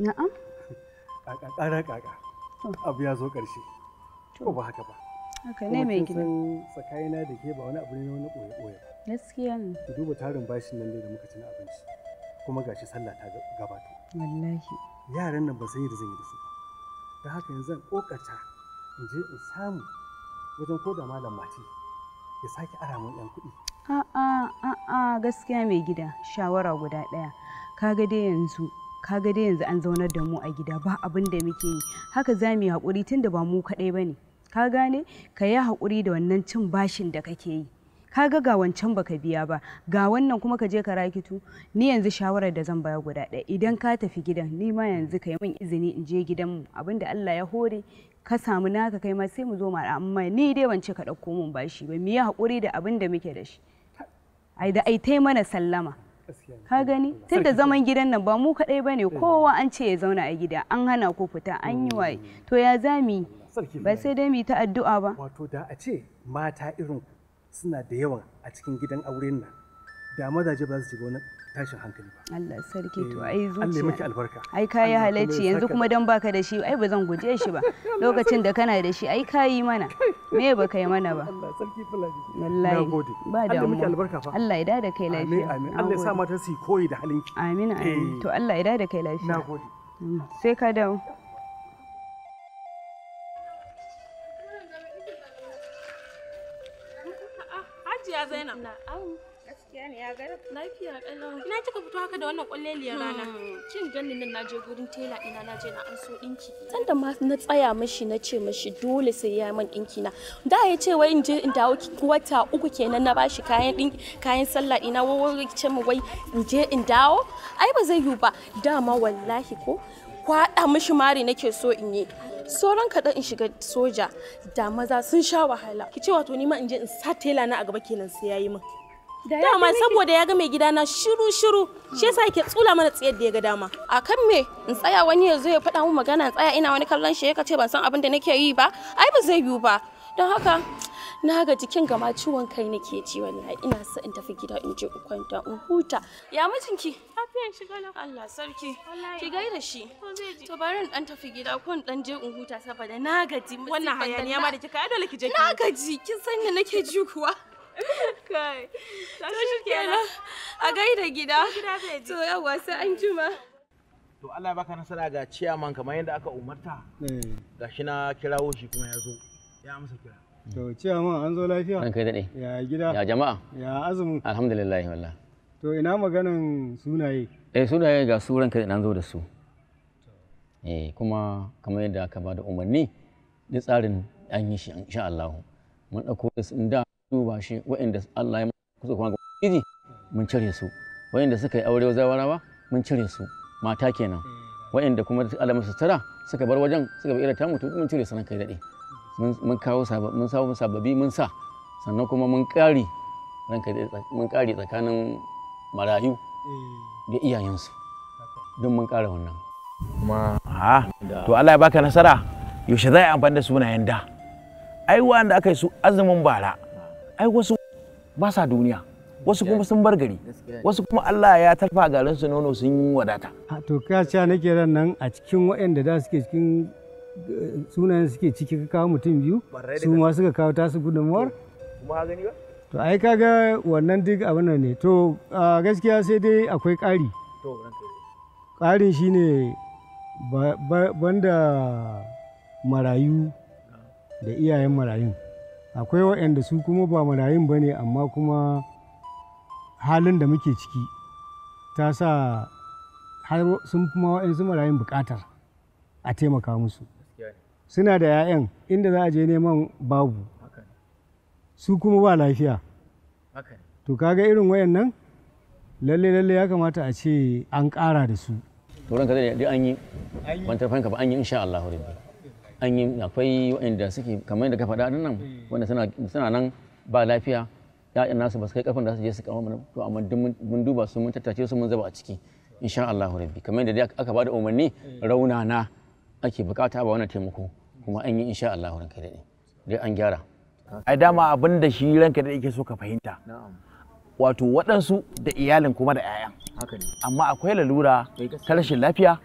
Na'am. Ƙaƙa ƙaƙa. Abu ya zo ƙarshe. Ko ba haka ba. Haka ne mai gida. Tsakanina da ke ba wani abu ne na wani ɓoye-ɓoye Gaskiya ne. Ki duba tarin bashin nan da muka ci na abinci. Kuma gashi sallah ta gabato. Wallahi. Yaran nan ba san yadda zan yi da su ba. haka yanzu zan ƙoƙarta in je in samu wajen ko da malam ya sake ara ɗan kuɗi. A'a a'a gaskiya mai gida shawara guda ɗaya. Kaga dai yanzu ka ga dai yanzu an zaunar da mu a gida ba abin da muke yi haka za mu yi haƙuri tun da ba mu kaɗai ba ne ka gane ka yi haƙuri da wannan cin bashin da kake yi ka ga ga wancan baka biya ba ga wannan kuma ka je ka rakitu ni yanzu shawarar da zan baya guda ɗaya idan ka tafi gidan ni ma yanzu ka yi min izini in je gidan gidanmu abinda Allah ya hore ka samu naka kai ma sai mu zo mara amma ni dai ban ce ka ɗauko min bashi ba mu yi haƙuri da abin da muke da shi ai da ai mana sallama ka gani tun da zaman gidan nan ba mu kaɗai ba ne eh. kowa an ce ya zauna a gida an hana ku fita an yi waye hmm. to ya zami ba sai dai mu ta addu'a ba wato da a ce mata irin suna da yawa a cikin gidan auren nan da mazaje ba za su shiga wani tashin hankali ba Allah sarki to eh, ai zuciya Allah miki albarka ai kayi halacci yanzu kuma dan baka da shi ai ba zan guje shi ba lokacin da kana da shi ai kayi mana me ba kai mana ba Allah sarki fulani wallahi ba da Allah miki albarka fa Allah ya dada kai lafiya amin amin Allah ya sa mata su koyi da halinki amin amin eh. to Allah ya dada kai lafiya nagode mm, sai ka dawo Hajiya Zainab. Na'am. Gaskiya ne ya gara. Lafiya kalau. Ina kika fito haka da wannan kwalleliyar rana. Hmm, kin ganin nan naje gurin tela ina naje na an dinki. San da ma na tsaya mishi na ce mishi dole sai ya man dinki na. Da ya ce wai in je in dawo wata uku kenan na bashi kayan dinki kayan sallah ina wawan ce mu wai in je in dawo. Ai ba zai yiwu ba. Dama wallahi ko kwaɗa mishi mari nake so in yi sauran kaɗan in shiga soja da maza sun sha wahala ki ce wato nima in je in sa tela na a gaba kenan sai yayi min dama saboda ya ga mai gidana shiru shiru shi yasa yake tsula mana tsayar da ya ga dama a kan me in tsaya wani ya zo ya faɗa mun magana in tsaya ina wani kallon shi ya ce ban san abin da nake yi ba ai ba zai yiwu ba don haka na ga jikin gama ciwon kai nake ji wallahi ina so in tafi gida in je in kwanta in huta ya mijinki lafiyan shi gala Allah sarki ki gaida shi to bari in dan tafi gida ko in dan je in huta saboda na gaji wannan hayaniya ma da kika ai dole ki je na gaji kin san nake ji kuwa kai a gaida gida to yawa sai an to Allah ya baka nasara ga ciyaman kamar yadda aka umarta eh. gashi na kirawo shi kuma ya zo ya amsa kira to ciyaman an zo lafiya an kai dade ya gida ya jama'a ya alhamdulillah to ina maganan sunaye eh sunaye ga ina zo da su eh kuma kamar yadda aka ba da umarni da tsarin an yi shi insha Allah mun dauko da duba shi waɗanda Allah ya kusa kuma ubangiji mun cire su waɗanda suka yi aure zawarawa mun cire su mata kenan waɗanda kuma Allah masu tara suka bar wajen suka bar ta mutu mun cire su nan kai dade mun kawo mun mun sababi mun sa sannan kuma mun ƙari ranka mun ƙari tsakanin marayu da iyayensu don mun ƙara wannan kuma ha to Allah ya baka nasara yaushe za a yi amfani da sunayen da ai wanda aka yi su azumin bara ai wasu ba sa duniya wasu kuma sun bar gari wasu kuma Allah ya tarfa garin su nono sun yi wadata to ka ce nake ran nan a cikin waɗanda da suke cikin eh, sunayen suke ciki ka kawo mutum biyu su ma suka kawo tasu gudunmuwar kuma gani ba to ai kaga wannan duk abin nan ne to gaskiya sai dai akwai ƙari ƙarin shine banda marayu ah. da iyayen marayun akwai waɗanda su kuma ba marayun ba ne amma kuma halin da muke ciki ta sa har sun kuma waɗansu marayun buƙatar a taimaka musu suna da 'ya'yan inda za a je neman babu su kuma ba lafiya to kaga irin wayannan lalle lalle ya kamata a ce an ƙara da su turan ka dai an yi ban fanka ba an yi insha Allah rabbi an yi akwai waɗanda suke kamar yadda ka faɗa nan hmm. wanda suna nan ba lafiya ya'yan nasu ba su kai kafin da su je su kama to amma mun duba su mun tattace su mun zaba a ciki insha Allah rabbi kamar yadda aka bada umarni hmm. rauna na ake bukata ba wannan taimako kuma an yi insha allah ranka dai dai an gyara ai dama abin da shi ranka da yake so ka fahimta wato waɗansu da iyalin kuma da 'ya'yan amma akwai lalura eh, ta rashin lafiya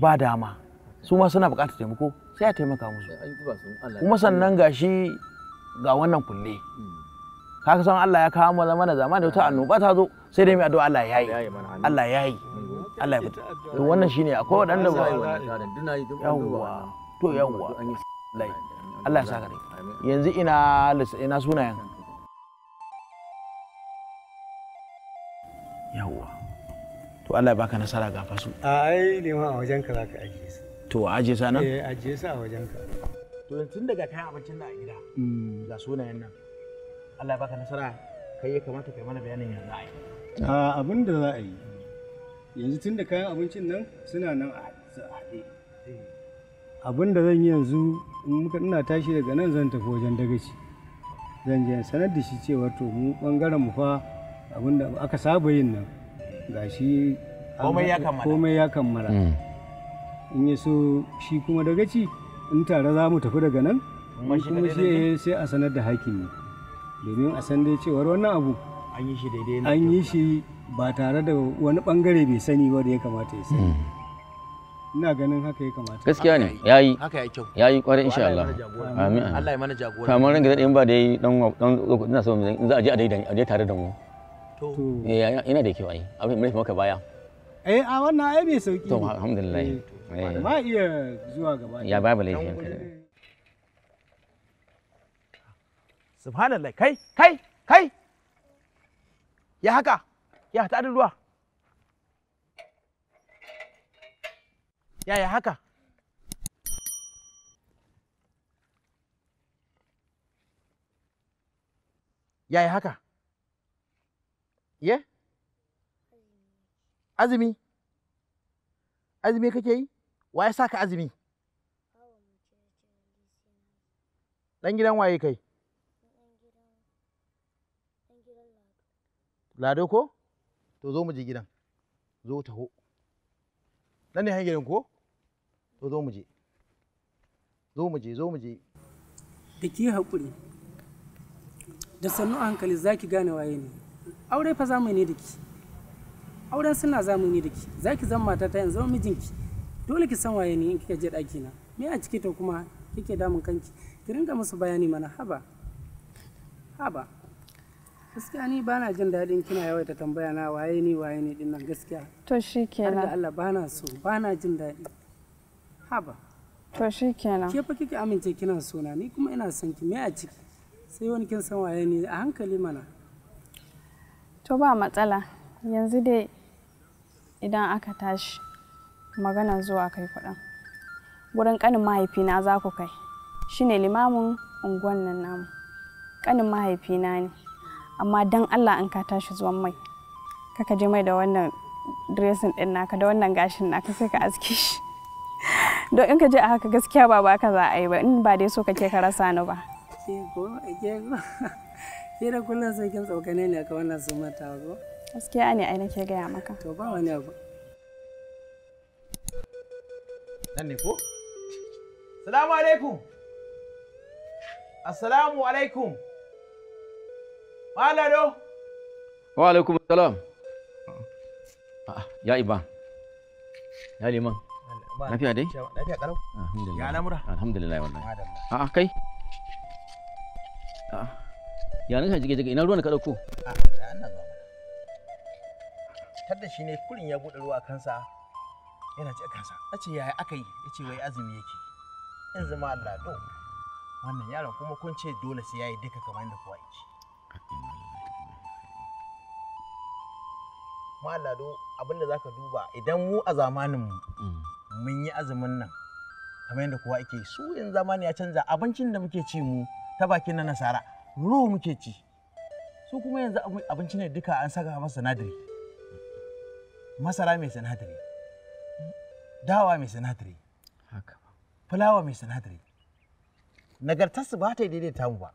ba dama su ma suna bukatar taimako sai a taimaka musu kuma sannan gashi ga wannan kulle kaka hmm. san Allah ya kawo mu da zamani wata ah. annoba ta zo sai dai mai addu'a Allah ya yi Allah ya yi Allah ya fita to wannan shine akwai waɗanda ba yawwa to yawwa Allah ya saka yanzu ina ina sunayen yawwa to Allah ya baka nasara ga fasu ai liman a wajen ka zaka ajiye su to a ajiye sa nan eh ajiye sa a wajen ka to tun daga kayan abincin da a gida hmm. ga sunayen nan Allah ya baka nasara kai ya kamata kai mana bayanin yanzu a yi a abin da za a yi yanzu tun da kayan abincin nan suna nan a haɗe abin da zan yi yanzu in muka ina tashi daga nan zan tafi wajen dagaci zan je sanar da shi cewa to mu bangaren mu fa abin da aka saba yin nan gashi komai ya kammala hmm. in ya so shi kuma daga ci in tare za mu tafi daga nan kuma shi sai a sanar da hakimi domin a san dai cewar wannan abu an yi shi ba tare da wani bangare bai sani ba da ya kamata ya sani hmm. ina ganin haka ya kamata gaskiya ne yayi haka ya kyau yayi kwarai insha Allah amin Allah ya mana jagora kamar ran gida in ba dai dan dan ina so in za a je a daidai a je tare da mu to eh yana da kyau ai abin mai maka baya eh a wannan ai bai sauki to alhamdulillah eh, Eh. ya babu laifin ka subhanallah kai kai kai ya haka ya ta ruwa ya ya haka ya ya haka ye azumi azumi kake yi wa ya saka azumi dan gidan waye kai lado ko to zo mu je gidan zo taho nan ne hanyar ko to zo mu je zo mu je zo mu je da ki haƙuri da sannu a hankali za ki gane waye ne aure fa zamu ne da ki auren suna zamu ne da ki za ki zama matata yanzu mijinki dole ki san waye ni in kika je ɗaki na me a ciki to kuma kike damun kanki ki ringa musu bayani mana haba haba gaskiya ni bana jin daɗin kina yawaita tambaya na waye ni waye ni din nan gaskiya to shikenan Allah Allah bana so bana jin daɗi haba to shikenan ke fa kike amince kina sona ni kuma ina son ki me a ciki sai wani kin san waye ni a hankali mana to ba matsala yanzu dai idan aka tashi maganan zuwa kai kuɗin wurin ƙanin mahaifina za ku kai shine limamin unguwan nan namu ƙanin mahaifina ne amma don allah an ka tashi zuwan mai kaka je mai da wannan dressing ɗin naka da wannan gashin naka sai ka aski shi don in ka je a haka gaskiya ba ba ka za a yi ba in ba dai so kake ka rasa ni ba kira sai kin ne ka wannan gaskiya ne ai nake gaya maka to ba wani abu Nan ne ko? Salamu alaikum. Assalamu alaikum. Malado. Wa alaikum salam. Ah, ya Iban. Ya Liman. Lafiya dai? Lafiya kalau. Alhamdulillah. Ya lamura. Alhamdulillah wallahi. A'a ah, kai. Ah, ya nan jige jige ina ruwan ka dauko? A'a, annan ba. Tadda shi ne kurin ya buɗe ruwa kansa yana ce kasa a ce yaya aka yi ya ce wai azumi yake in zama Allah to wannan yaron kuma kun ce dole sai yayi duka kamar da kowa yake malado abin da zaka duba idan mu a zamanin mu mun yi azumin nan kamar yadda kowa yake su in zamani ya canza abincin da muke ci mu ta bakin na nasara ruwa muke ci su kuma yanzu abinci ne duka an saka masa sinadari masara mai sinadari dawa mai sinadari fulawa mai sinadari nagartarsu ba ta yi daidai tamu ba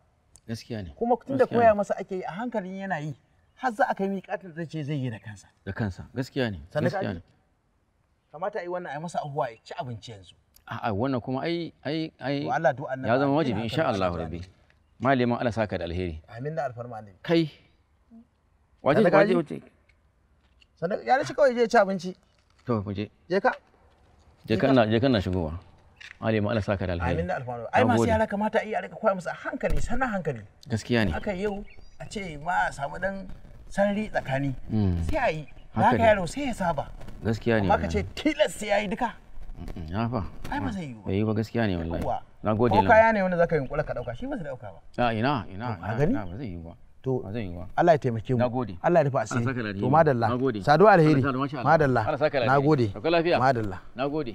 gaskiya ne kuma tun da koya masa ake yi a hankalin yana yi har za a kai miƙatar da ce zai yi da kansa da kansa gaskiya ne gaskiya ne kamata a yi wannan a yi masa abuwa ya ci abinci yanzu a'a wannan kuma ai ai ai ya zama wajibi insha Allah rabbi malamin Allah saka da alheri amin da alfarma ne kai waje waje waje sanan ya rashi kawai je ci abinci to mu je je ka je kana je kana shigowa Ali ma Allah saka da alheri amin da alfano ai masu yara kamata iya rika koya musu a hankali sana hankali gaskiya ne aka yau a ce ma a samu dan sarri tsakani mm. sai a yi haka yaro sai ya saba gaskiya ne maka ce tilas sai ya duka ya fa ai ba zai yi ba yi ba gaskiya ne wallahi na gode ko kaya ne wanda zaka yi kula ka dauka shi ba zai dauka ba a ah, ina ina a ah, ba zai yi ba to Allah ya taimake mu nagode Allah ya rufa asiri to madalla nagode saduwa alheri madalla nagode madalla nagode